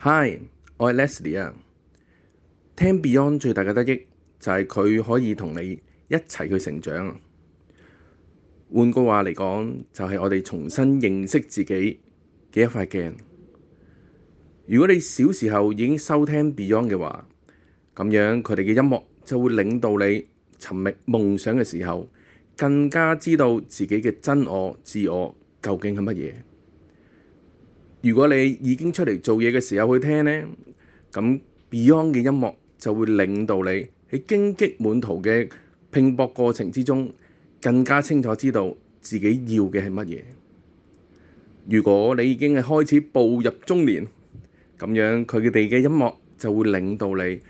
Hi，我係 Leslie 啊。聽 Beyond 最大嘅得益就係、是、佢可以同你一齊去成長。換句話嚟講，就係、是、我哋重新認識自己嘅一塊鏡。如果你小時候已經收聽 Beyond 嘅話，咁樣佢哋嘅音樂就會領導你尋覓夢想嘅時候，更加知道自己嘅真我、自我究竟係乜嘢。如果你已經出嚟做嘢嘅時候去聽呢，咁 Beyond 嘅音樂就會領導你喺荊棘滿途嘅拼搏過程之中，更加清楚知道自己要嘅係乜嘢。如果你已經係開始步入中年，咁樣佢哋嘅音樂就會領導你。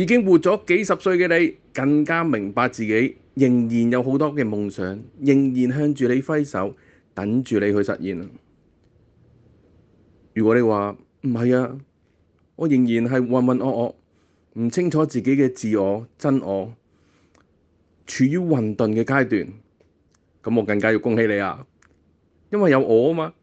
已經活咗幾十歲嘅你，更加明白自己仍然有好多嘅夢想，仍然向住你揮手，等住你去實現。如果你話唔係啊，我仍然係渾渾噩噩，唔清楚自己嘅自我真我，處於混沌嘅階段。咁我更加要恭喜你啊，因為有我啊嘛，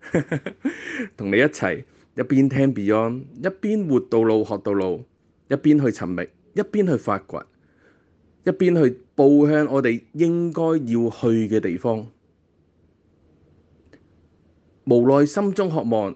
同 你一齊一邊聽 Beyond，一邊活到老學到老，一邊去尋覓，一邊去發掘，一邊去步向我哋應該要去嘅地方。無奈心中渴望。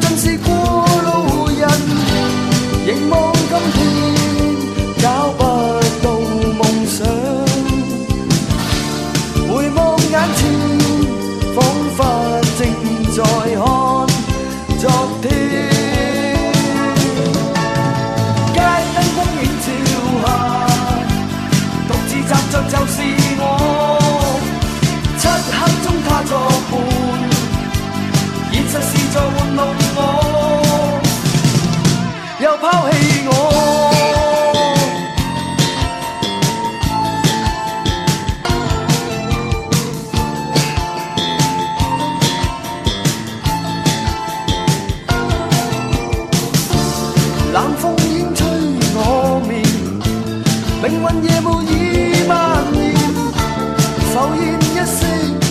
抽煙一些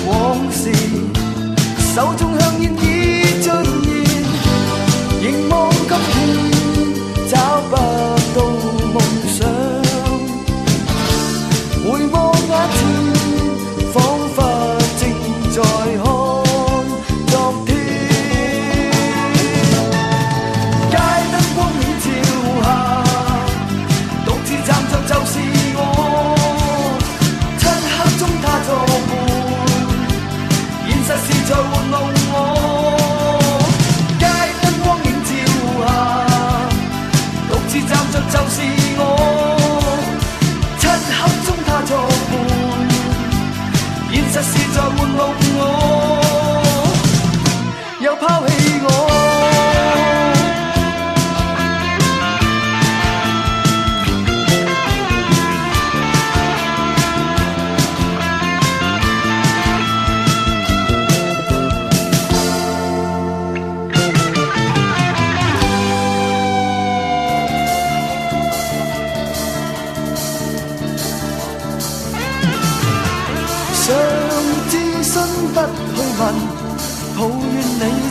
往事，手中香煙。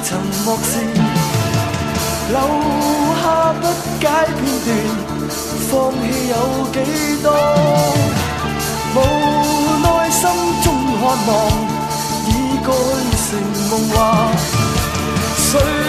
沉默時，留下不解片段。放棄有幾多？無奈心中渴望，已改成夢話。誰